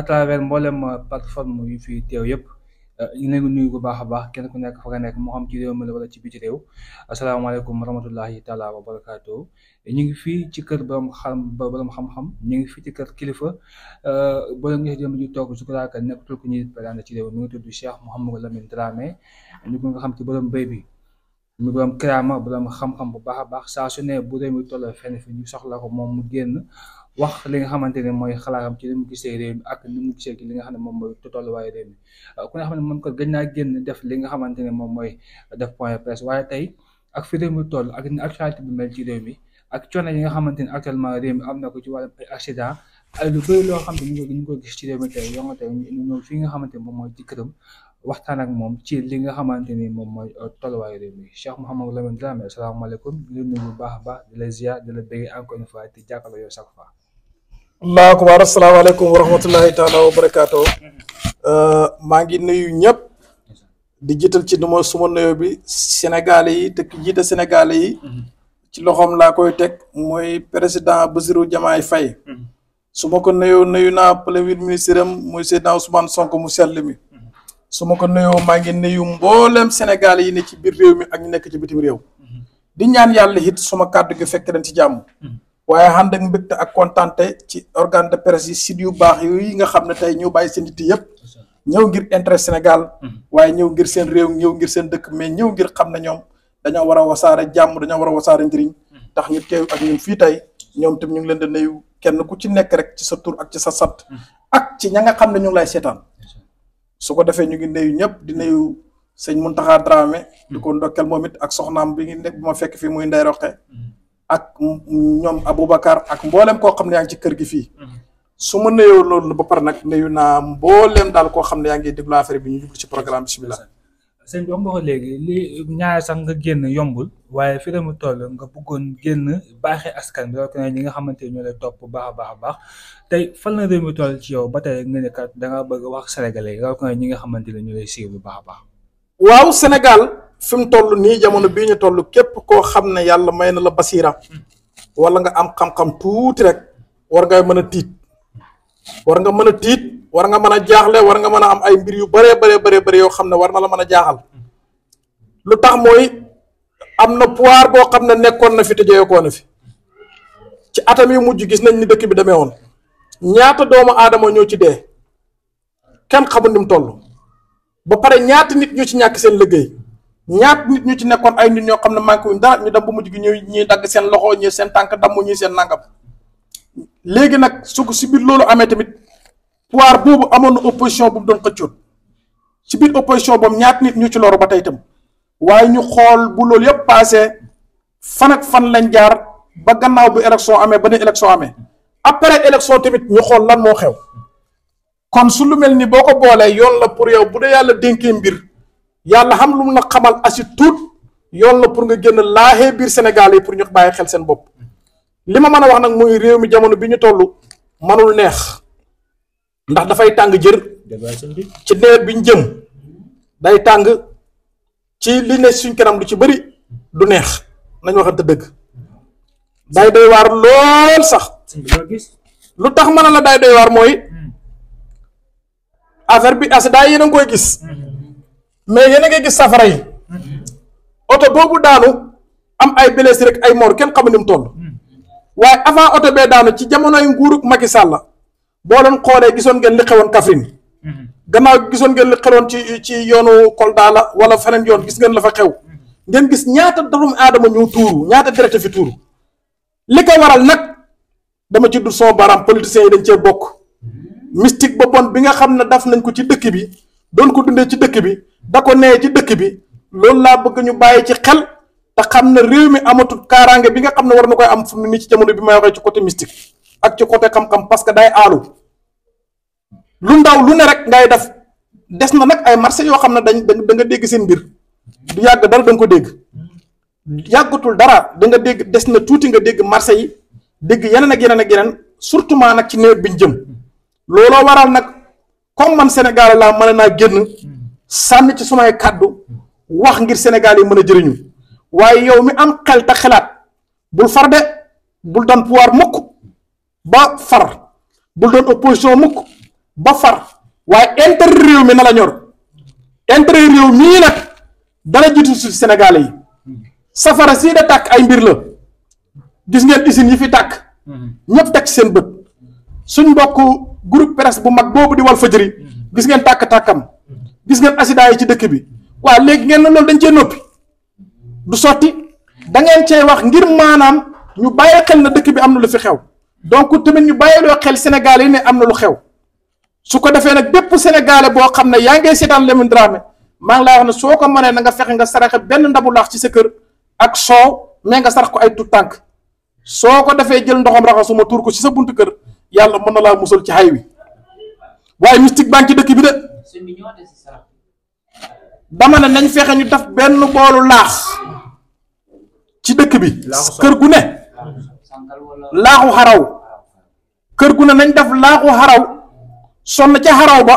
à travers mboolem euh, plateforme yu fi teew yëpp euh, ñu ngi leen nuyu bu baax a baax kenn ku nekk fa nga nekk moo xam ci réew mi la wala ci biti réew asalaamaaleykum wa rahmatullahi taala wa barakaatu ñu ngi fii ci kër borom xam borom xam-xam ñu ngi fii ci kër kilifa euh, boo leen gisee ñu toog su ko laaka nekkatul ku ñuy présenté ci réew mi ngi tudd Cheikh Mouhamadou Lamine Dramé ñu ku nga xam ci borom béy bi. mu borom kiraama borom xam-xam bu baax a baax saa su ne bu réew mi toll fenn fi ñu soxla ko moom mu génn wax li nga xamante ne mooy xalaatam ci li mu réew mi ak ni li nga xam ne moom mooy tolluwaayu réew mi euh, ku nga xam ne moom ko gën naa génn def li nga xamante ne moom point de presse waaye tey ak fi réew mi toll ak ni actualité bi mi ak coono yi nga xamante ne actuellement réew mi am na ko ci wàllum ay accident ay xam ne ñu ngi ko gis ci réew mi tey yoo nga fi nga xamante ne moom mooy ci këram waxtaan ak moom ci li nga xamante ni moom mooy euh, tolluwaayu réew mi Cheikh Mouhamadou Lamine Dramé asalaamaaleykum ñu ngi nuyu bu baax a baax di la ziar di la bëggee encore une fois di jàkkaarloo yow chaque fois allahu akbar asalaamaaleykum wa rahmatullahi taala wa barakaatu euh, maa ngi nuyu ñëpp di jiital ci duma suma nuyoo bi Sénégal yi te ki jiite Sénégal yi ci loxoom laa koy teg mooy président Bassirou Diomaye fay su ma ko nuyoo nuyu naa premier ministre am muy Seydina Ousmane Sonko mu sell mi su ma ko nuyoo maa ngi nuyu mboolem Sénégal yi ne ci biir réew mi ak ñu nekk ci bitim réew di ñaan yàlla it suma kàddu gi fekk leen ci jàmm waaye xan ak mbégte ak kontante ci organe de presse yi site yu baax yi nga xam ne tey ñoo bàyyi seen itti yëpp ñëw ngir intérêt Sénégal mm-hmm. waaye ñëw ngir seen réew ñëw ngir seen dëkk mais ñëw ngir xam ne ñoom dañoo war a wasaare jàmm dañoo war a wasaare njëriñ mm-hmm. tax ñu teew ak ñun fii tey ñoom tam ñu ngi leen di nuyu kenn ku ci nekk rek ci sa tur ak ci sa sat mm-hmm. ak ci ña nga xam ne ñu ngi lay seetaan su ko defee ñu ngi nuyu ñëpp di nuyu sëñ Mountakha Dramé di ko ndokkel moom it ak soxnaam bi ngi nekk bu fekk fii muy Ndeye ak ñoom Aboubacar ak mboolem koo xam ne yaa ngi ci kër gi fii. su ma nuyoo loolu ba pare nag nuyu naa mboolem daal koo xam ne yaa ngi déglu affaire bi ñu jublu ci programme bisimilah. sëñ bi wax nga ko léegi li ñaar sax nga génn yombul. waaye fi mu toll nga bëggoon génn baaxee askan bi rawatina ñi nga xamante ne ñoo lay topp baax a baax a baax tey fan na réew mi toll ci yow ba tey nga ne kat danga bëgg wax sénégalais rawatina ñi nga xamante ne ñoo lay siiw bu baax baax. waaw Sénégal. fi mu toll nii jamono bii ñu toll képp koo xam ne yàlla may na la basiira wala nga am xam-xam tuuti rek war nga mën a tiit war nga mën a tiit war nga mën a jaaxle war nga mën a am ay mbir yu bëree bëree bëree bëri yoo xam ne war na la mën a jaaxal lu tax mooy am na pouvoir boo xam ne nekkoon na fi te jeyekoo na fi ci atam yu mujj gis nañ ni dëkk bi demee woon ñaata doomu aadama ñoo ci dee kenn xamul ni mu toll ba pare ñaata nit ñu ci ñàkk seen liggéey ñaat nit ñu ci nekkoon ay nit ñoo xam ne manqué wuñ dara ñu dem ba mujj gi ñuy ñi dagg seen loxo ñi seen tànk damm ñi seen nangam léegi nag su ko si loolu amee tamit pouvoir boobu amoon na opposition bu mu doon xëccoon ci biir opposition boobu ñaat nit ñu ci loru ba tey itam waaye ñu xool bu loolu yëpp passé fan ak fan lañ jaar ba gannaaw bu élection amee ba ne élection amee après élection tamit ñu xool lan moo xew kon su lu mel ni boo ko boolee yoon la pour yow bu dee yàlla dénkee mbir. yàlla xam lu mu la xamal assi tuut yoon la pour nga génn laaxee biir Sénégal yi pour ñu bàyyi xel seen bopp li ma mën a wax nag muy réew mi jamono bi ñu toll manul neex ndax dafay tàng jër ci nawet bi ñu jëm day tàng ci li ne suñ kanam lu ci bëri du neex nañ waxante dëgg day doy waar lool sax lu tax mën a la day doy waar mooy affaire bi as daay yéen a ngi koy gis mais yéen a gis safara yi oto boobu daanu am ay blessé rek ay moor kenn xamu ni mu toll waaye avant oto bee daanu ci jamono jamonoy nguurug Macky Sall boo leen xoolee gisoon ngeen li xewoon Kaffrine gannaaw gisoon ngeen li xewoon ci ci yoonu Kolda la wala feneen yoon gis ngeen la fa xew ngeen gis ñaata doomu aadama ñu tuuru ñaata deret fi tuuru li ko waral nag dama ci dul sama baaraam politiciens yi dañ cee bokk mystique boppam bi nga xam ne daf nañ ko ci dëkk bi. doon ko dundee ci dëkk bi da ko nee ci dëkk bi loolu laa bëgg ñu bàyyi ci xel te xam ne réew mi amatul kaaraange bi nga xam ne war na koy am fu mu ni ci jamono bi may waxee ci côté mystique ak ci côté xam-xam parce que day aalo lu ndaw lu ne rek ngay def des na nag ay marché yoo xam ne dañ da nga dégg seen biir du yàgg dara da ko dégg yàggatul dara da dégg des na tuuti nga dégg marché yi dégg yeneen ak yeneen ak yeneen surtout maa nag ci nawet bi ñu jëm looloo waral nag. comme man Sénégal laa mën naa génn sànni ci sumay kàddu wax ngir Sénégal yi mën a jëriñu waaye yow mi am xel te xelaat bul far de bul doon pouvoir mukk ba far bul doon opposition mukk ba far waaye intérêt réew mi na la ñor intérêt réew mii nag dana jiitu si Sénégal yi safara sii da tàkk ay mbir la gis ngeen usines yi fi tàkk mm-hmm. ñëpp teg seen bët suñ mbokk groupe presse bu mag boobu di wal fajëri gis ngeen tàkk-tàkkam gis ngeen accident ci dëkk bi waa léegi ngeen ne loolu dañ cee noppi du sotti da cee wax ngir maanaam ñu bàyyi xel na dëkk bi am na lu fi xew donc tamit ñu bàyyiloo xel Sénégal yi ne am na lu xew su ko defee nag bépp sénégalais boo xam ne yaa ngay seetaan Lamine Dramé maa ngi lay wax ne soo ko manee na nga fexe nga saraxe benn ndabu laax ci sa kër ak soow mais nga sarax ko ay tout tànk soo ko defee jël ndoxam raxasuma tuur ko ci sa buntu kër yàlla mën na laa musal ci xay wi waaye mystique baa ci dëkk bi de dama ne nañ fexe ñu def benn boolu laax ci dëkk bi kër gu ne laaxu xaraw kër gu ne nañ def laaxu xaraw sonn ca xaraw ba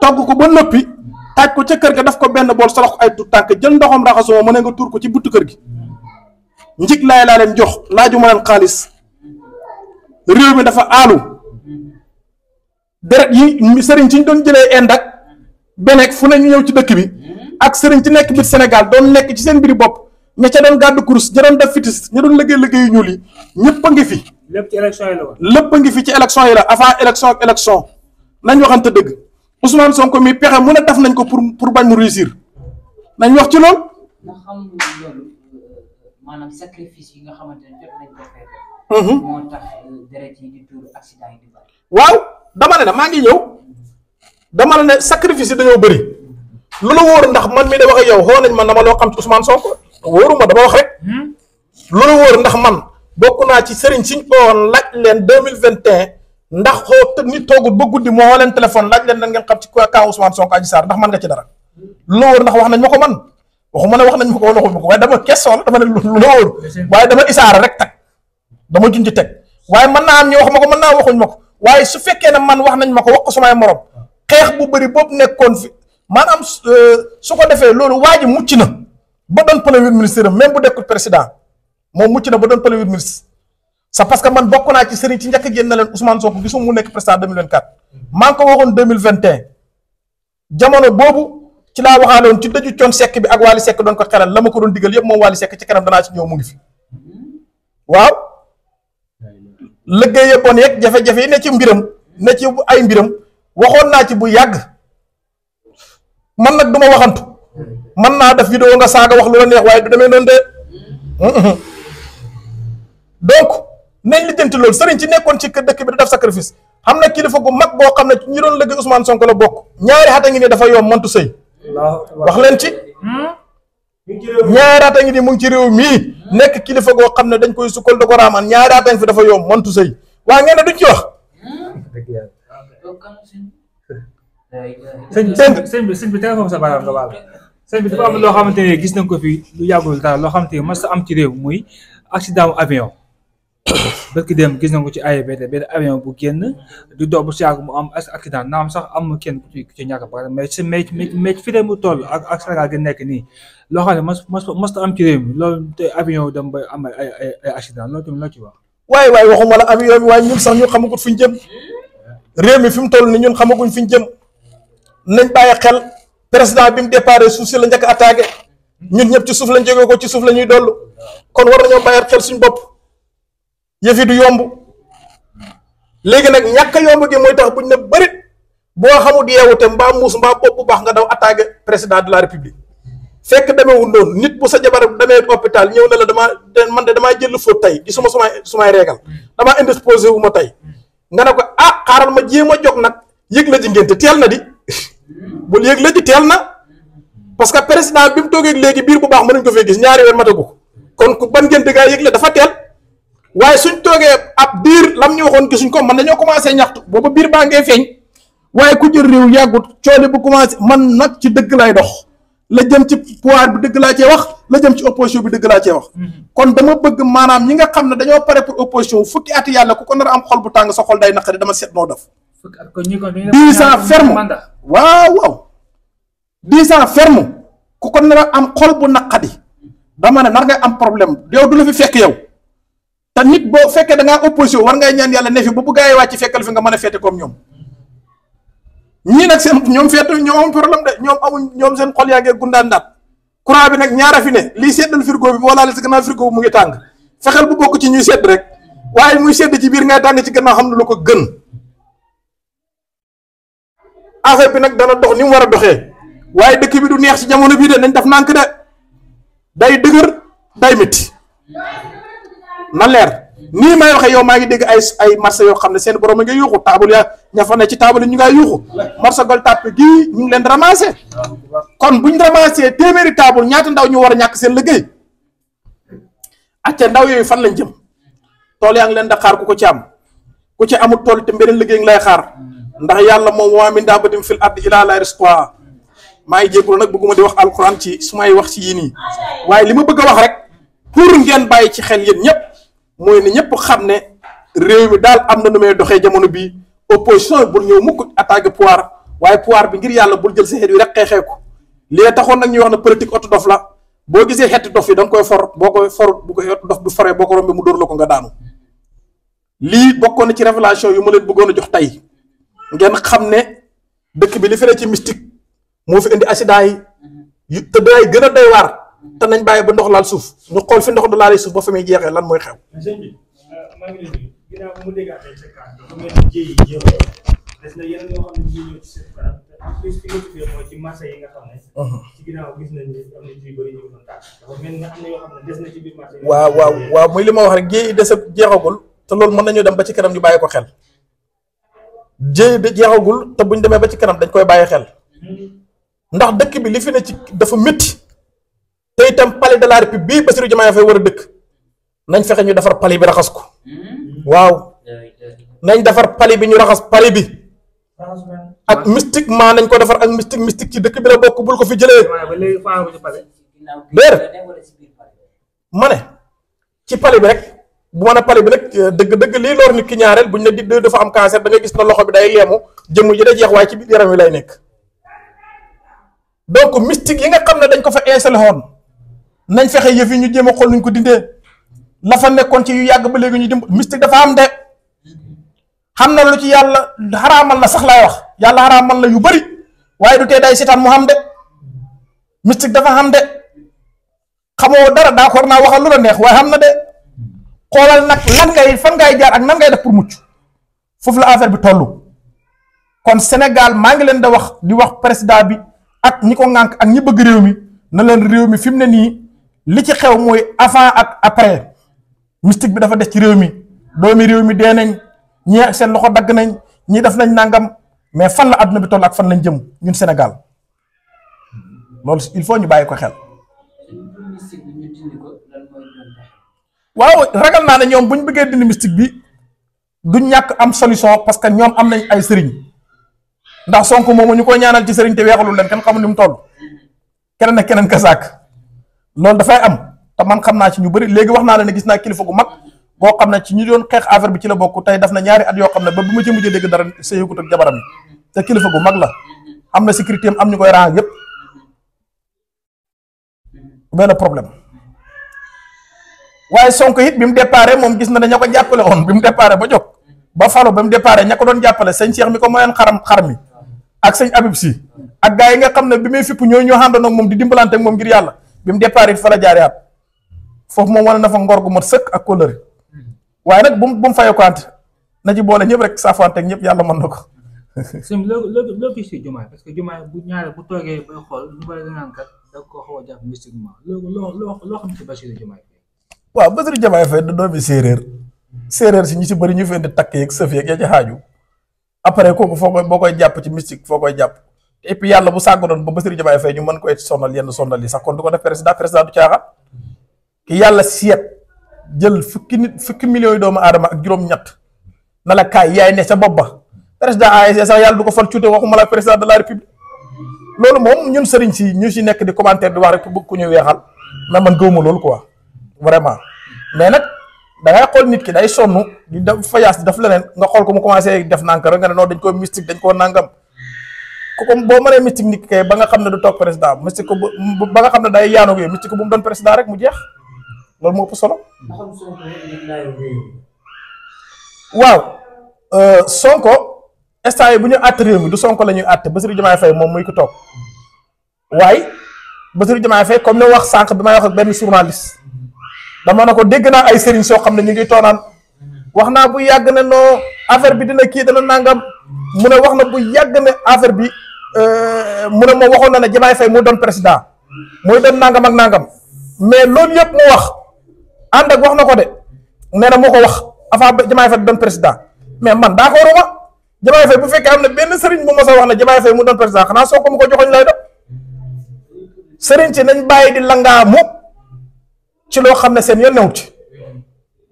togg ko ba noppi taaj ko ca kër gi daf ko benn bool solox ko ay tu tànk jël ndoxam raxasuma ne nga tuur ko ci buttu kër gi njig laay laa leen jox laaju ma xaalis réew mi dafa aalu deret yi sëriñ si ñu doon jëlee ind ak beneek fu ne ñu ñëw ci dëkk bi ak sëriñ ci nekk biir Sénégal doon nekk ci seen biir bopp ña ca doon gàddu kurus ña doon def fitis ña doon liggéey liggéeyu ñuul yi ñëpp ngi fi. lépp ci élection lépp a ngi fi ci élection yi la avant élection ak élection nañ waxante dëgg Ousmane Sonko mi pexe mu ne def nañ ko pour pour bañ mu réussir nañ wax ci lool. nga xam loolu maanaam sacrifice yi nga xamante ne Mhm. moo tax eh, deret waaw dama ne la maa ngi ñëw dama ne sacrifice yi dañoo bëri lu na wóor ndax man mi da wax ak yow xool nañ man ma loo xam ci Ousmane Sonko wóoruma dama wax rek hmm? lu la wóor ndax man bokk naa ci sëriñ siñ ko woon laaj leen deux mille vingt et un ndax xoo nit toogu ba guddi moo leen téléphone laaj leen nan ngeen xam ci kaw Ousmane Sonko Adji Sarr ndax wax nañ ma ko man waxuma ne wax nañ ma ko wala waxuñ ma ko waaye dama question rek tak dama junj teg waaye man naa am ñu wax ma ko man naa waxuñ ma ko waaye su fekkee ne man wax nañ ma ko wax ko samay xeex bu bëri boobu nekkoon fi maanaam euh, su ko defee loolu waa ji mucc na ba doon premier ministre même bu dekkul président moom mucc na ba doon premier ministre c'est parce que man bokk naa ci sëriñ ci njëkk a génne leen Ousmane Sonko gisuma mu nekk président 2024 maa ngi ko waxoon 2021 jamono boobu. ci laa waxaale woon ci dëju coon bi ak Wally Seck doon ko xelal la ma ko doon digal yëpp moom Wally Seck ci kanam danaa ci ñëw mu waaw lëggéey bon yeeg jafe-jafe yi ne ci mbiram ne ci ay mbiram waxoon naa ci bu yàgg man nag du ma waxantu man naa def vidéo nga saaga wax lu la neex waaye du demee noonu de mm-hmm. donc nañ lijjanti loolu sëriñ ci nekkoon ci kër dëkk bi da def sacrifice xam na kilifa gu mag boo xam ne ñi doon lëgg Ousmane Sonko la bokk ñaari xata ngi ne dafa yomb mantu sëy wax leen ci hmm? ñaara ngi ni mu ngi ci réew mii nekk kilifa goo xam ne dañ koy sukkal da ko raamaan ñaaraata ngi fi dafa yomb mantu sëy waa ngeen ne duñ ci wax. sëñ bi sëñ bi téléphone sa baaraam nga baal sëñ bi am loo xamante ne gis nañ ko fi lu yàggul dara loo xamante ne mas am ci réew muy accident avion. bëkk dem gis nañ ko ci AIBD benn avion bu génn du dox bu si yàgg mu am accident naam sax am sax ku ci ku ci ñàkk ba mais si fi mu toll ak ak Sénégal gi nekk nii loo xam ne mas mas mas am ci réew mi loolu te avion dem ba am ay ay ay accident loolu tamit loo ci wax. waaye la avion bi ñun sax ñun xamagut fu ñu jëm réew mi fi mu toll nii ñun xamaguñ fi ñu jëm nañ bàyyi xel président bi mu déparé suuf si la njëkk attaqué ñun ñëpp ci lañ jógee ko ci suuf la ñuy dollu kon war nañoo bàyyi xel suñu bopp. yëf yi du yomb léegi nag ñàkk a yomb gi mooy tax buñ ne bërit boo xamut yeewu te mbaa muus mbaa bopp bu baax nga daw attaque président de la république fekk demewul noonu nit bu sa jabar demee hôpital ñëw ne dama man de damaa jël fóot tey gisuma sumay sumay reegal dama indisposé wu ma tey nga ne ko ah xaaral ma jéem a jóg nag yëg la ji ngént teel na di bu yëg la ji teel na parce que président bi mu toogee léegi biir bu baax mënuñ ko fee gis ñaari weer matagu ko kon ku ban gaa yëg la teel. waaye suñ toogee ab biir lam ñu waxoon suñ ko man dañoo commencé ñaxtu booba biir baa ngee feeñ waaye ku jël réew yàggut coole bu commencé man nag ci dëgg lay dox la jëm ci pouvoir bi dëgg laa cee wax la jëm ci opposition bi dëgg laa cee wax. Mhm. kon dama bëgg maanaam ñi nga xam ne dañoo pare pour opposition fukki at yàlla ku ko nar a am xol bu tàng sa xol day naqari dama seet noo def. dix ans ferme waaw waaw dix ans ferme ku ko nar a am xol bu naqadi dama ne nar ngay am problème yow du la fi fekk yow. te nit boo fekkee da ngaa opposition war ngay ñaan yàlla ne fi bu bu gaay wàcc fekkal fi nga mën a féete comme ñoom ñii nag seen ñoom féete ñoom am problème de ñoom amuñ ñoom seen xol yaa ngi gundaan daat courant bi nag ñaara fi ne lii seddal frigo bi boo laalee si gannaaw frigo bi mu ngi tàng fexeel bu bokk ci ñuy sedd rek waaye muy sedd ci biir ngay tàng ci gannaaw xam ne lu ko gën affaire bi nag dana dox ni mu war a doxee waaye dëkk bi du neex si jamono bii de nañ def nànk de day dëgër day métti na leer nii may waxee yow maa ngi dégg ay ay marché yoo xam ne seen borom a ngi yuuxu taabul yaa ña fa ne ci taabul yi ñu ngay yuuxu marché Gueule Tapée gii ñu ngi leen ramassé kon buñ ramassé téeméeri taabul ñaata ndaw ñu war a ñàkk seen liggéey acca ndaw yooyu fan lañ jëm tool yaa ngi leen da xaar ku ko ci am ku ci amul tool te beneen liggéey ngi lay xaar ndax yàlla moom wa min daabatin fil ardi illaa lahu rizquhaa maa ngi jégalu nag bëgguma di wax alquran ci su may wax ci yii nii waaye li ma bëgg a wax rek pour ngeen bàyyi ci xel yéen ñëpp mooy ne ñëpp xam ne réew mi daal am na nu may doxee jamono bii opposition bul ñëw mukk attaqué pouvoir waaye pouvoir bi ngir yàlla bul jël si xeet yi rek xeexee ko lii taxoon nag ñuy wax ne politique oto dof la boo gisee xeeti dof yi danga nga koy for boo koy for bu ko oto dof bu foree boo ko rombee mu dóor la ko nga daanu lii bokkoon na ci révélation yu ma leen bëggoona jox tey ngeen xam ne dëkk bi li fere ci mystique moo fi indi accident yi te day gën a doy waar te nañ bàyyi ba ndox laal suuf ñu xool fi ndox du laalee suuf ba fa muy jeexee lan mooy xew. Euh, na yeneen yoo xam yi nga xam uh-huh. gis nañ ne am na waaw waaw muy li ma wax rek jéey yi jeexagul te loolu mën nañu dem ba ci kanam yu bàyyi ko xel jéey bi jeexagul te buñ demee ba ci kanam dañ koy bàyyi xel hmm. ndax dëkk bi li fi ne ci dafa metti te itam palais de la république bii Bassirou Diomaye Faye war a dëkk nañ fexe ñu defar palais bi raxas ko waaw nañ defar palais bi ñu raxas palais bi ak mystiquement nañ ko defar ak mystique mystique ci dëkk bi la bokk bul ko fi jëlee déer ma ne ci palais bi rek bu ma ne palais bi rek dëgg dëgg lii loor nit ki ñaareel buñ ne di dafa am cancer dangay gis na loxo bi day leemu jëmm ji day jeex waaye ci biir yaram wi lay nekk donc mystique yi nga xam ne dañ ko fa installé woon nañ fexe yëf yi ñu jéem a xool nuñ ko dindee la fa nekkoon ci yu yàgg ba léegi ñu dimb mystique dafa am de xam na lu ci yàlla xaraamal la sax laay wax yàlla xaraamal la yu bari waaye du tee day seetaan mu xam de mystique dafa xam de xamoo dara d'accord naa waxal lu la neex waaye xam na de xoolal nag lan ngay fan ak nan ngay def pour mucc foofu la affaire bi toll kon Sénégal maa ngi leen da wax di wax président bi ak ñi ko ŋànk ak ñi bëgg réew mi na leen réew mi fi mu ne nii. li ci xew mooy avant ak après mystique bi dafa des ci réew mi doomi réew mi dee nañ ñii ak seen loxo dagg nañ ñii def nañ nangam mais fan la àdduna bi toll ak fan lañ jëm ñun Sénégal loolu il faut ñu bàyyi ko xel. waaw ragal naa ne ñoom bu ñu bëggee dindi mystique bi du ñàkk am solution parce que ñoom am nañ ay sëriñ ndax Sonko moomu ñu ko ñaanal ci sëriñ te weexalul leen kenn xamul ni mu tool keneen ak keneen kasaak. loolu dafay am te man xam naa ci ñu bari léegi wax naa la ne gis naa kilifa gu mag boo xam ne ci ñu doon xeex affaire bi ci la bokk tey daf na ñaari at yoo xam ne ba bu ma ci mujjee dégg dara sëyukut ak kilifa gu mag la am na sécurité am ñu koy rang yëpp benn problème waaye Sonko moom gis na ne ña ko jàppale woon bi mu déparé ba jóg ba falo ba mu déparé ña ko doon jàppale sëñ Cheikh mi ko moyoon xaram xar mi ak sëñ Abib si ak gaa yi xam ne bi muy fipp ñooy ñoo àndoon ak moom di dimbalante ak moom ngir yàlla bi mu départ it fa la jaaree at foofu moom wane na fa ngor gu mat sëkk ak kóllëre waaye nag bu mu fayoo ko na ci boole ñëpp rek saafaanteeg ñëpp yàlla mën na ko. sëñ loo loo parce que jumaa bu ñaare bu toogee bay xool lu bari da naan xam ci Bassirou Diomaye Faye. waaw Bassirou Diomaye Faye da doomi séeréer séeréer si ñu si bëri ñu fi takk yeeg sëf yeeg yaa ci xaaju après kooku foo koy boo koy jàpp ci mystique foo koy jàpp et yàlla bu sàggoonoon ba Bassirou Diomaye Faye ñu mën koy sonal yenn sax kon du ko def président président du caaxaan ki yàlla seet jël fukki nit fukki millions yi doomu aadama ak juróom-ñett na la kaay yaay ne sa bopp ba président ASC sax yàlla du ko fal cuute waxuma la président de la république loolu moom ñun sëriñ si ñu si nekk di commentaire di wax rek bëgg ku ñu weexal mais man gëwuma loolu ko vraiment mais nag da ngay xool nit ki day sonn di def fayaas di def leneen nga xool ko mu commencé def nànk rek ko mystique dañ comme boo mënee mystique nit kay ba nga xam ne du toog président mystique ko ba nga xam ne day yaanu yooyu mystique ko bu mu doon président rek mu jeex loolu moo ëpp solo. waaw euh, Sonko instant yi bu ñu àtt réew mi du Sonko la ñuy àtt Bassirou Diomaye Faye moom muy ko toog waaye Bassirou Diomaye Faye comme ne wax sànq bi may wax ak benn journaliste dama ne ko dégg naa ay sëriñ soo xam ne ñu ngi toonaan wax naa bu yàgg ne noo affaire bi dina kii dana nangam mu ne wax na bu yàgg ne affaire bi Euh, mu ne ma waxoon na ne Diomaye Faye mu doon président muy doon nangam ak nangam mais loolu yëpp mu wax ànd wax na ko de nee na moo ko wax avant Diomaye Faye doon président mais man d'accord ma Diomaye Faye bu fekkee am na benn sëriñ bu mos a wax ne Diomaye Faye mu doon président xanaa soo ko mu ko joxoñ lay def sëriñ si nañ bàyyi di langaamu ci loo xam ne seen yoon new ci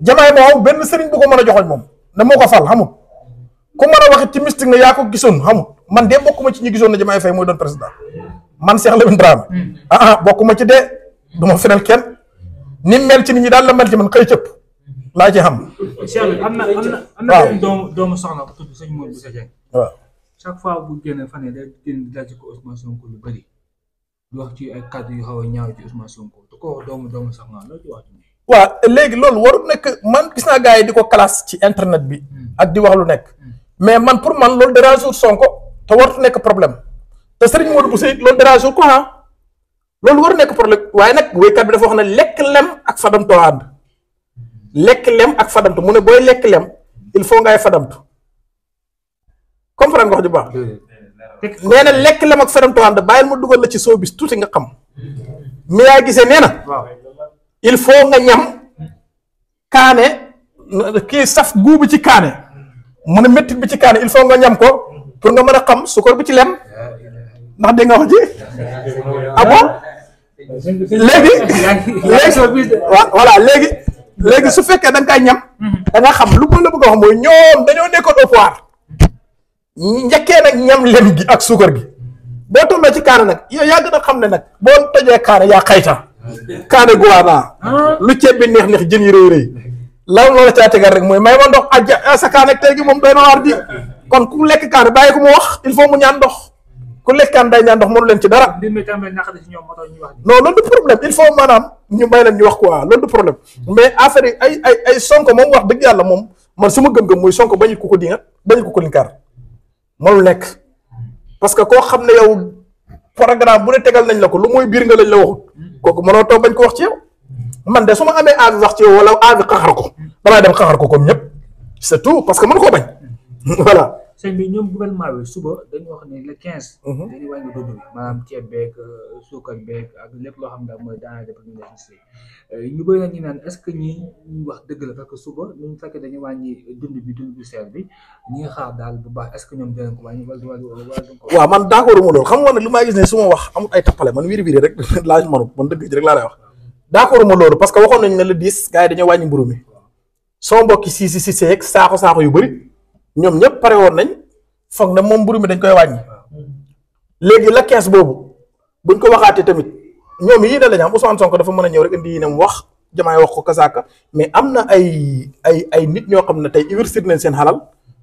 Diomaye moo benn sëriñ bu ko a joxoñ moom ne moo ko fal ku mën a waxit ci mystique ne yaa ko gisoon xam man de bokkuma ci ñi gisoon na Diomaye Faye mooy doon président man Cheikh Lamine Dramé hmm. ah ah bokkuma ci dee du ma fenal kenn ni mel ci nit ñi daal la mel ci man xëy cëpp laa ci xam. Cheikh bu tudd sëñ Modou Bousso Dieng. waaw chaque fois bu génne fan yii day génn dal ci ko Ousmane Sonko lu bëri di wax ci ay kàddu yu a ñaaw ci ci wax. waaw léegi loolu warul nekk man gis naa gars di ko classe ci internet bi. Hmm. ak di wax lu nekk. Hmm. mais man pour man loolu dérange Sonko te wartu nekk problème te Serigne Modou Bousso it loolu dérange ko ah loolu war nekk problème waaye nag wéykat bi dafa wax ne lekk lem ak fadamtu lekk lem ak fadamtu mu ne booy lekk lem il faut ngay fadamtu wax ju baax. nee na lekk lem ak fadamtu ànd bàyyil ma dugal la ci soo bis tuuti nga xam. mi yaa gisee nee il faut nga ñam kaane kii saf guubu ci kaane. mun ne méttit bi ci kaani il faut nga ñam ko pour nga mën a xam suukar bi ci lem ndax dégg nga wax ji ah bon léegi léegi voilà léegi léegi su fekkee da nga koy ñam da nga xam lu ma la bëgg a wax mooy ñoom dañoo nekkoon au pouvoir njëkkee nag ñam lem gi ak sukkur gi boo tollee ci kaani nag yow yaa gën a xam ne nag boo tojee kaani yaa xayta gu guwaanaa ah. lu ceeb bi neex neex jën yi rëy rëy lan loola caa tegal rek mooy may ma ndox àjà ah sa kaan tey gi moom doy na waar bi kon ku lekk kaan bàyyi mu wax il faut mu ñaan ndox ku lekk kaan day ñaan ndox mënu leen ci dara. mbir mi tam ci ñoom moo tax ñuy wax. non loolu du problème il faut maanaam ñu may hmm. ay sonko moom wax dëgg yàlla moom man su ma gëm-gëm mooy sonko bañu ko ko dinga bañu ko ko linkaar mënul nekk parce que koo xam ne yow programme bu ne tegal nañ la ko lu mooy biir nga lañ la waxut hmm. kooku mënoo toog bañ ko wax ci man de su ma amee aabi wax ci yow wala aabi xaxar ko damay dem xaxar ko comme ñëpp c'est tout parce que mën koo bañ voilà. sëñ bi ñoom gouvernement bi suba dañu wax ne le quinze. Mhm. dañuy wàññi dund bi maanaam ceeb beeg euh, suukar beeg ak lépp loo xam ne daal mooy daanaka dafa ñu def ñu bëri na ñu naan est-ce que ñi ñu wax dëgg la parce que suba ñu fekkee dañuy wàññi dund bi dund bu seer bi ñi nga xaar daal bu baax est-ce que ñoom dinañ ko wàññi wala wala waaw man d'accord mu loolu xam nga ne li ma gis ne su ma wax amut ay tappale man wiri wiri rek laaj manut man dëgg ji rek laa lay wax. d'accord ma loolu parce que waxoon nañ ne le 10 gars yi dañoo wàññi mburu mi soo mbokki si si si seeg saako saako yu bëri ñoom ñëpp pare woon nañ foog na moom mburu mi dañ koy wàññi léegi la kees boobu buñ ko waxaatee tamit ñoom yii ne la ñu am Ousmane ko dafa mën a ñëw rek indi yi ne wax jamaay wax ko kasaaka mais am na ay ay ay nit ñoo xam ne tey investir nañ seen xalal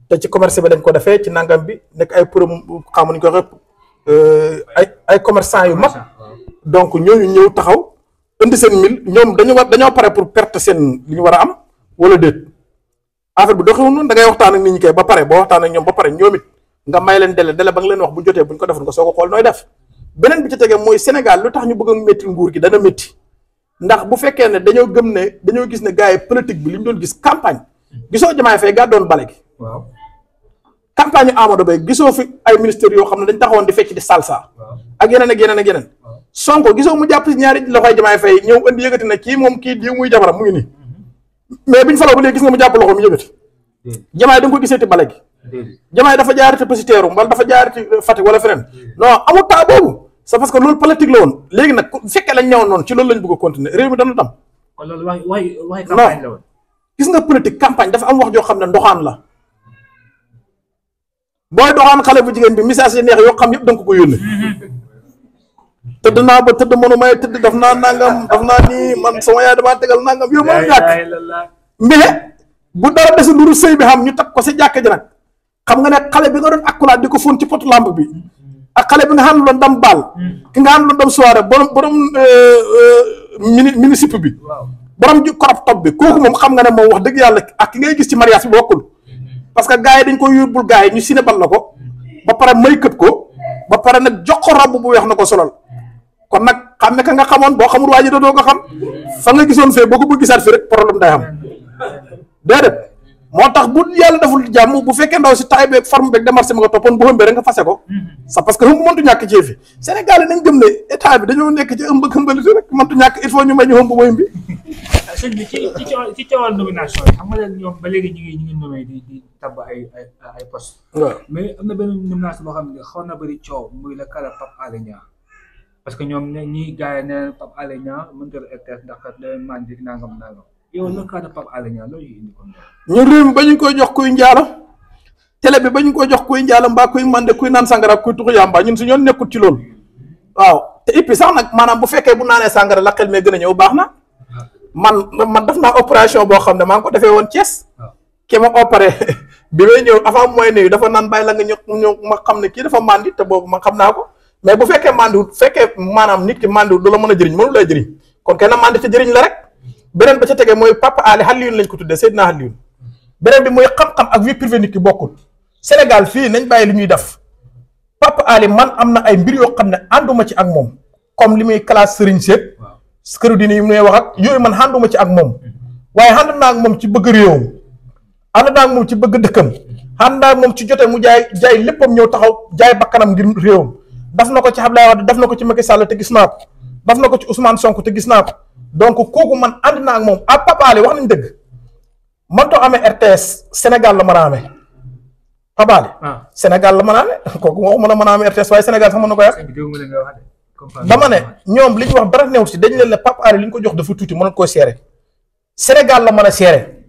te ci commerce bi dañ ko defee ci nangam bi nekk ay pro xamuñ ko rek euh, ay ay commerçant yu mag donc ñooñu ñëw taxaw. indi seen mil ñoom dañu war dañoo pare pour perte seen li ñu war a am wala déet affaire bi doxewul noonu da ngay waxtaan ak nit ñi kay ba pare boo waxtaan ak ñoom ba pare ñoom it nga may leen dele dele ba nga leen wax bu jotee bu ñu ko deful nga soo ko xool nooy def beneen bi ci tegee mooy Sénégal lu tax ñu bëgg a métti nguur gi dana métti ndax bu fekkee ne dañoo gëm ne dañoo gis ne gars yi politique bi li ñu doon gis campagne gisoo jamaay fay gaa doon bale gi waaw campagne gisoo fi ay ministères yoo xam ne dañ taxawoon di fecc di salsa ak yeneen ak yeneen sonko gisoo mu jàpp si ñaari loxoy jamaay fay ñëw andi yëkkati na kii moom kii diw muy jabaram mu ngi nii mhm. mais biñ faloo ba léegi gis nga mu jàpp loxo da nga ko giseeti bale gi jamaay dafa jaarite pesiteerum wala dafa jaarite Fatick wala feneen non amul temps boobu c'est que loolu politique woon léegi nag fekkee lañ ñëwoon noonu ci loolu lañ bëgg a continuer réew mi dana dam kon loolu gis nga politique campagne dafa am wax joo xam ne ndoxaan la booy doxaan xale bu jigéen bi message yi neex yoo xam yëpp da nga ko ko yónnee tëdd naa ba tëdd mënu may tëdd daf naa nangam daf naa nii man sama yaay damaa tegal nangam yow mënu ñàkk mais bu dara dese lu sëy bi xam ñu tag ko si jàkk ji nag xam nga ne xale bi nga doon akkulaat di ko fóon ci potu lamb bi ak xale bi nga xam ne doon dam baal ki nga xam ne moom wax dëgg yàlla ak ki ngay gis ci mariage bi bokkul parce que gars dañ ko yóbbul gars yi ñu sinebal la ko ba pare may këpp ko ba pare nag jox ko robb bu weex na ko solal kon nag xam ne ka nga xamoon boo xamul waa ji doo ko xam fa nga gisoon fee boo ko bëgg gisaat fi rek problème day am déedéet moo tax bu yàlla deful jàmm bu fekkee ndaw si taay beeg forme beeg démarche ma nga ko sa parce que ëmb mëntu ñàkk ci fi Sénégal yi nañ gëm ne état bi dañoo il faut ñu may ñu ëmb na benn boo xam ne xaw na bëri coow muy la kala parce que ñoom ne ñii gars yi ne Pape Alé a RTS ndax day ba ñu koy jox kuy njaala télé bi ba ñu koy jox kuy njaala mbaa kuy mande kuy naan sangara kuy tuxu yàmba ñun su ñoon nekkul ci loolu waaw te nag maanaam bu fekkee bu naanee sangara la xel gën a ñëw baax na man man def naa opération boo xam ne maa ngi ko defee woon Thiès ki ma opéré bi may ñëw avant mooy nuyu dafa naan bàyyi la nga ñëw ma xam ne kii dafa màndi te boobu ma xam naa ko mais bu fekkee mandiwut fekkee maanaam nit ki mandiwut du la mën a jëriñ mënu lay jëriñ kon kenn mandi a jëriñ la rek beneen ba ca tege mooy papa Ali Alioune lañ ko tuddee Seydina Alioune beneen bi mooy xam-xam ak vie privée nit ki bokkul Sénégal fii nañ bàyyi li ñuy def papa Ali man am na ay mbir yoo xam ne ànduma ci ak moom comme li muy classe sëriñ seet këru dini yi muy wax ak yooyu man ànduma ci ak moom waaye ànd naa ak moom ci bëgg réewam ànd naa ak moom ci bëgg dëkkam ànd naa ak moom ci jotee mu jaay jaay léppam ñëw taxaw jaay bakkanam ngir réewam daf na ko ci Abdoulaye Wade daf na ko ci Macky Sall te gis naa ko daf na ko ci Ousmane Sonko te gis naa ko donc kooku man ànd naa ak moom a ah, Papa Alé wax nañ dëgg mëntoo amee RTS Sénégal la mën a amee Papa ah. la mën a amee kooku waxuma la mën a amee RTS waaye Sénégal sax na ko yàq dama ñoom li ñu wax dara néew si dañ leen ne Papa li ñu ko jox dafa tuuti mënoon koo seere Sénégal la mën a seere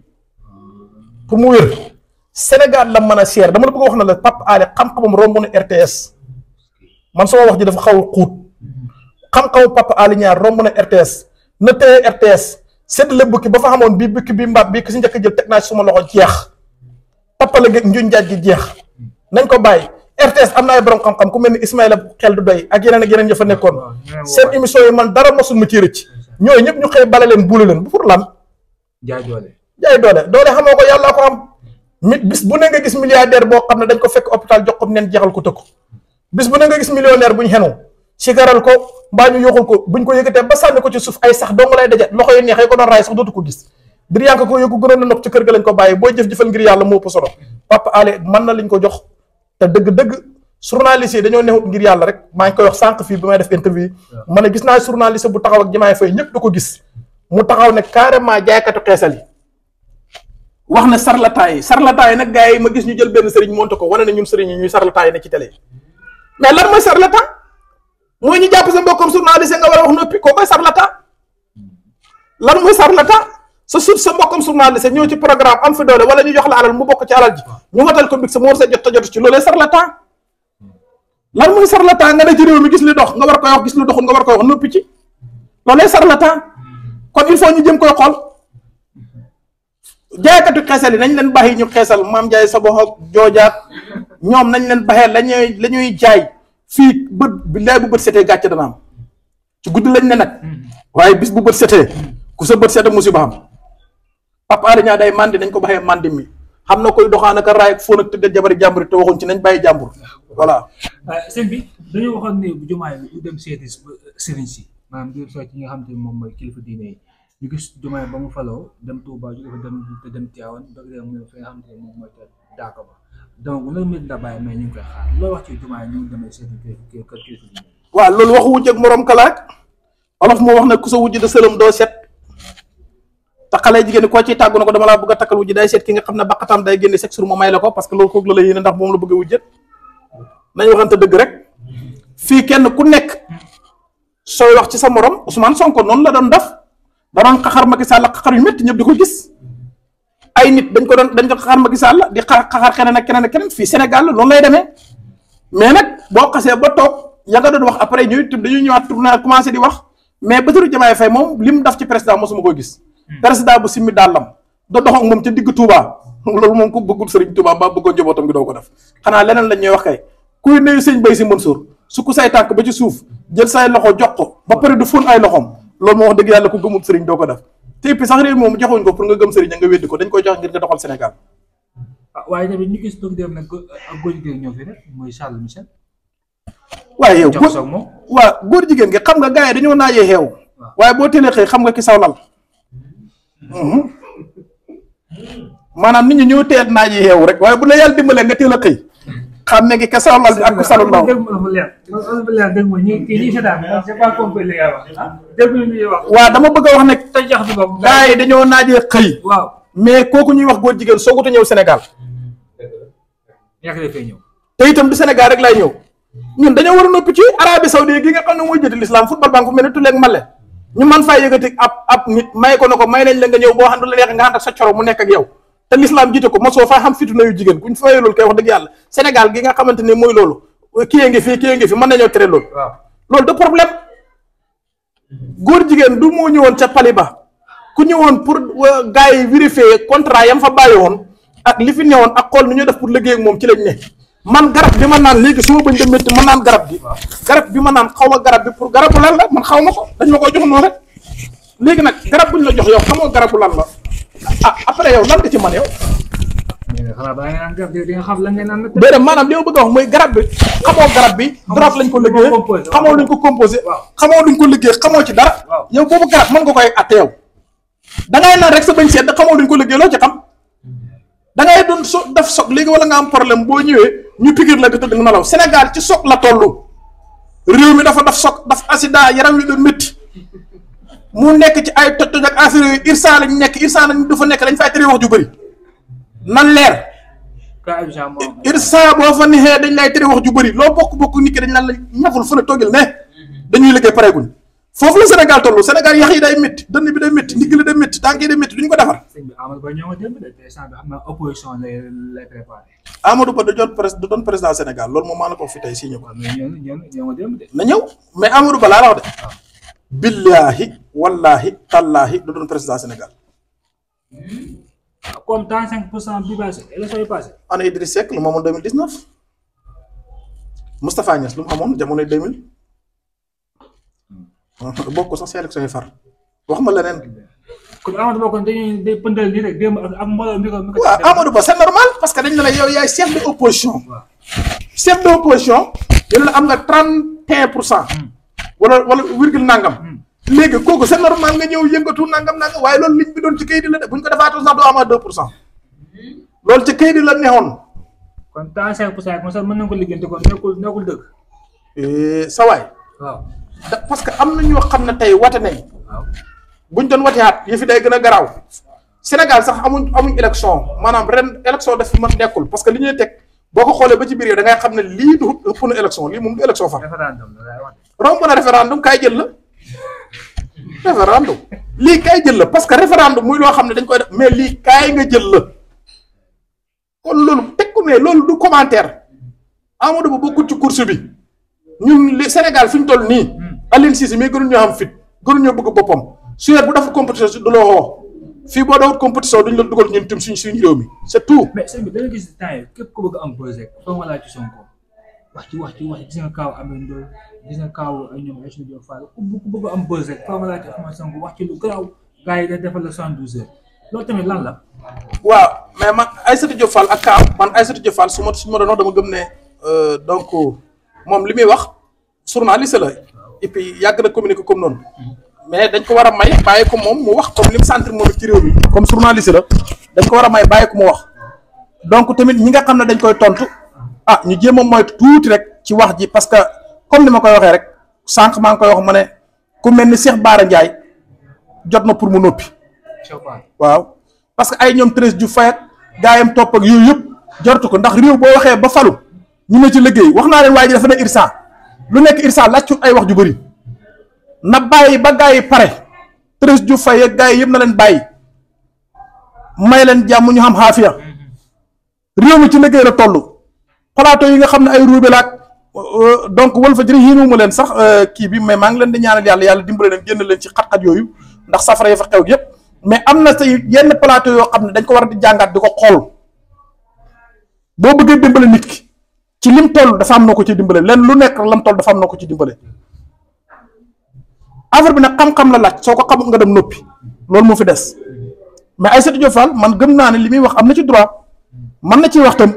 pour mu wér Sénégal la mën a seere dama la bëgg wax na la Papa Alé xam-xamam romb na RTS man sama wax ji dafa xaw a xuut xam-xamu Papa Alé romb na RTS na téye RTS séddale bukki ba fa xamoon bii bukki bi mbaam bi ki si njëkk jël teg naa suma loxo jeex Papa la njuñ njaaj gi jeex nañ ko bàyyi. RTS am naa ay borom xam-xam ku mel ni a xel du doy ak yeneen ak yeneen ña fa nekkoon ah, seen émission yi man dara mosul ma ci rëcc ñooyu ñëpp ñu xëy bale leen buule leen bu pour lam jaay doole jaay doole doole xamoo ko yàllaa ko am mi bis bu ne nga gis milliardaire boo xam ne dañ ko fekk hôpital jox ko neen jeexal ko tëkku bis bu ne nga gis millionaire bu ñu xenu sikaral ko mbaa ñu yoxul ko buñ ko yëkkatee ba sànni ko ci suuf ay sax dong lay daje loxo yi neexee ko doon raay sax dootu ko gis dir yànk ko yëgu gënoon na nopp ci kër ga lañ ko bàyyi booy jëf-jëfal ngir yàlla moo ëpp na liñ ko jox te dëgg-dëgg journaliste yi dañoo newut ngir yàlla rek maa ngi koy wax sànq fii may def interview ma ne gis naa journaliste bu taxaw ak Diomaye Faye ñëpp ko gis mu taxaw ne carrément jaaykatu xeesal yi wax na sarlataay sarlataay nag gaa yi ma gis ñu jël benn sëriñ monte ko wane ne ñun sëriñ yi ñuy sarlataay ne ci télé mais lan mooy sarlatan mooy ñu jàpp sa mbokkum journaliste nga war a wax noppi koo koy sarlatan lan mooy sarlatan sa suuf sa mbokkum journaliste ñëw ci programme am fi doole wala ñu jox la alal mu bokk ci alal ji ñu watal ko big sa mu war sa jot jot ci loolee sarlatan lan mooy sarlatan nga ne ci réew mi gis li dox nga war koy wax gis lu doxul nga war koy wax noppi ci loolee sarlatan kon il faut ñu jëm koy xool jaaykatu xeesal yi nañ leen bàyyi ñu xeesal maam Ndiaye sa bopp joojaat ñoom nañ leen baxee lañuy la ñuy jaay fii bët bi lay bu bët setee gàcce dana am ci guddi lañ ne nag waaye bis bu bët setee ku sa bët setee musiba am Papa Alioune day mandi nañ ko baxee mandi xam na koy doxaan ak a raay ak fóon ak tëddee jabari jàmbur te waxuñ ci nañ bàyyi jàmbur voilà. sëñ bi dañoo waxoon ne bu jumaay bu dem seeti sëriñ si maanaam di soo ci nga xam te moom mooy kilifa diine yi ñu gis Diomaye faloo dem Touba jóge fa dem te dem Tivaouane bëgg dem mu fi loolu ñu ngi koy wax ci Diomaye ñu demee waaw loolu waxu wujj ak morom kalaak olof moo wax na ku sa wujj da sëlëm doo set te xale jigéen ñi koo ci tàggu na ko dama laa bëgg a takkal wujj day seet ki nga xam ne baqatam day génne sexe mu may la ko parce que loolu kooku la la yéene ndax moom la bëgg wujjat nañu waxante dëgg rek fii kenn ku nekk sooy wax ci sa morom Ousmane Sonko noonu la doon def danoon xaxar Macky Sall xaxar yu métti ñëpp di ko gis ay nit dañ ko doon dañ ko xaxar Macky Sall di xaar xaxar keneen ak keneen ak keneen fii Sénégal la noonu lay demee mais nag boo xasee ba toog ya nga doon wax après ñuy dañuy ñëwaat tourné commencé di wax mais Bassirou Diomaye Faye moom li mu daf ci président mosuma ko gis. Hmm. président bu simmi dàllam da dox ak moom ca digg Touba loolu moom ku bëggul Serigne Touba ba bëggoon njabootam gi doo ko def xanaa leneen lañ ñuy wax kay kuy nuyu sëñ Bay si Mansour su ko say tànk ba ci suuf jël say loxo jox ko ba pare du fóon ay loxoom. loolu moo wax dëgg yàlla ku gëmul sëriñ doo ko def te puis sax réew moom joxuñ ko pour nga gëm sëriñ nga weddi ko dañ koy jox ngir nga doxal Sénégal. Ah, waaye ñu gis nag ak góor jigéen ñoo fi rek mooy Charles Michel. waaye yow góor waaw góor jigéen gi xam nga gars yi dañoo naajee xeew. Ah. waaye boo teelee xëy xam nga ki saw lal. Hmm. Hmm. maanaam nit ñu ñoo teel naajee xeew rek waaye bu la yàlla dimbalee nga teel a xëy xam ne kese wala ak Saloum Ndao. Ah, waaw dama bëgg a wax nag. te jaxas boobu. gars yi dañoo naajee xëy. waaw mais kooku ñuy wax góor jigéen soogut a ñëw Sénégal. te itam du Sénégal rek lay ñëw. ñun dañoo war a noppi ci Arabie Saoudi gi nga xam ne mooy jëti l'islam football banque mel ne Tulle Male. ñu man faa yëkkati ab ab nit may ko na ko may nañ la nga ñëw boo xam ne du la neex nga ànd ak sa coro mu nekk ak yow te lislaam jiite ko mosoo faa xam fitna yu jigéen buñ fayee loolu kay wax dëgg yàlla Sénégal gi nga xamante ne mooy loolu kii ngi fi kii ngi fi mën nañoo tere loolu. loolu de problème góor jigéen du moo ñëwoon ca pali ba ku ñëwoon pour euh, gars yi vérifier contrat yam fa bàyyi woon ak li fi ñëwoon ak xool nu ñu def pour liggéey ak moom ci lañ ne. man garab bi ma naan léegi su ma bañ a métti ma naan garab gi garab bi ma naan xaw ma garab bi pour garabu lan la man xaw ma dañ ma koy jox noonu rek léegi nag garab buñ la jox yow xamoo garabu lan la. ah après yow lan nga ci man yow. Eh, xanaa nga xam lan nga naan. déedéet maanaam li ma bëgg a wax mooy garab bi xamoo garab bi. drap lañ ko liggéey xamoo luñ ko composé. xamoo luñ ko liggéey xamoo ci dara. yow boobu garab mën nga koy atte yow. da ngay naan rek sa bañ seet xamoo luñ ko liggéey loo ci xam. da ngay doon so def soog léegi wala nga am problème boo ñëwee ñu pigir la di tëdd nelaw Sénégal ci soog la toll. réew mi dafa daf soog daf accident yaram wi doon métti mu nekk ci ay toj toj ak affaire yooyu irsa lañ nekk irsa lañ du fa nekk lañ wax ju bëri nan leer irsa boo fa nexee dañ lay tere wax ju bëri loo bokk bokk nit ki dañ naan la ñaful fële toogal ne dañuy liggéey pareeguñ foofu la Sénégal toll Sénégal yax yi day métti dënn bi day métti ndigg la day métti tànk yi day métti duñ ko defar. Amadou Ba da doon pres da doon président Sénégal loolu moom maa la ko fi tey si ñëw. na ñëw mais Amadou laa wax de. Ah. billaahi wallaahi xallaahi du doon président Sénégal. Ah, comme 35 pour cent bii passé élection yi passé. ana Idriss Seck lu mu amoon 2019 Moustapha Niass lu mu amoon jamonoy 2000 ah, bokk sax si élection yi far wax ma leneen. kon Amadou Ba kon dañuy day pëndal rek démb ko mi ko. Amadou Ba c'est normal parce que dañ ne la yow yaay chef de opposition. chef de opposition. dañ la am nga 31 pour cent. Hmm. wala wala virgule nangam. léegi kooku c'est normal nga ñëw yëngatu nangam nangam waaye loolu liñ bi doon ci kayit la de bu ñu ko defaatoon sax doo amaat 2 pour cent loolu ci kayit la neexoon. kon temps 5 pour cent sax mën nañu ko liggéeyante kon nekkul nekkul dëgg. Eh, sa waay. waaw parce que am na ñoo xam ne tey wate nañ. waaw buñ doon wateeaat yëfi day gën a garaaw. Sénégal sax amuñ amuñ élection maanaam ren élection def fi mën nekkul parce que li ñuy teg. boo ko xoolee ba ci biir yow xam ne lii du ëpp na élection lii moom du élection far romb na référendum kaay jël la référendum lii kaay jël la parce que référendum muy loo xam ne dañ koy def mais lii kaay nga jël la kon loolu teg ko ne loolu du commentaire Amadou Ba bokkul ci course bi ñun li Sénégal fi ñu toll nii hmm. Aline Cissé mii gënuñoo am fit gënuñoo bëgg boppam su bu dafa compétition du la woo fii boo doon compétition duñ la dugal ñun tim suñ suñu réew mi c'est tout. mais sëñ bi da gis temps yi képp ku bëgg am projet foo wax ci wax ci wax gis nga kaaw Amady am projet foo laaj ci wax ci lu garaaw gars yi defal la soixante douze heures loolu tamit lan la. waaw mais man Aïssatou Diop Fall ak kaaw man Aïssatou Diop Fall su ma su ma doon wax dama gëm ne euh, donc moom li muy wax journaliste la et puis yàgg na communiquer comme noonu. mais dañ ko war a may bàyyi ko moom mu wax comme li mu centre moom ci réew mi comme journaliste dañ ko war a may bàyyi ko mu wax donc tamit ñi nga xam ne dañ koy tontu ah ñu jéem a moytu tuuti rek ci wax ji parce que comme ni ma koy waxee rek sànq maa ngi koy wax ma ne ku mel ni Cheikh Bara Ndiaye jot na pour mu noppi. waaw parce que ay ñoom Thérèse Diouf Faye ak gaayam topp ak yooyu yëpp jortu ko ndax réew boo waxee ba falu ñu ne ci liggéey wax naa leen waaye ji dafa lu nekk irsa laajtu ay wax ju bëri. na bàyyi ba gaa yi pare Thérèse Diouf Faye ak gaa yi yëpp na leen bàyyi may leen jàmm ñu xam xaafiya mm-hmm. réew mi ci liggéey la toll plateau yi nga xam ne ay ruube laak euh, euh, donc Walfadjri yéenuma leen sax euh, kii bi mais maa ngi leen di ñaanal yàlla yàlla dimbale leen génn leen ci xat-xat yooyu ndax safara yi fa xew yëpp mais am na say yenn plateau yoo xam ne dañ ko war a di jàngaat di ko xool boo bëggee dimbale nit ki ci lim toll dafa am na ko ci dimbale leen lu nekk lam toll dafa na ko ci dimbale affaire bi nag xam-xam la laaj soo ko xamul nga dem noppi loolu moo fi des mais Aïssatou Diop Fall man gëm naa ne li muy wax am na ci droit man na ci wax tam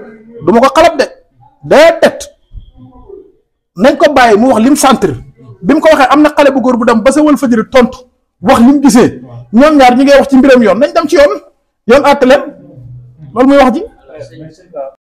du ko xalab de déedéet nañ ko bàyyi mu wax lim sentir bi mu ko waxee am na xale bu góor bu dem ba sa wal fajiri tontu wax lim gisee ñoom ñaar ñi ngay wax ci mbiram yoon nañ dem ci yoon yoon àtte leen loolu muy wax ji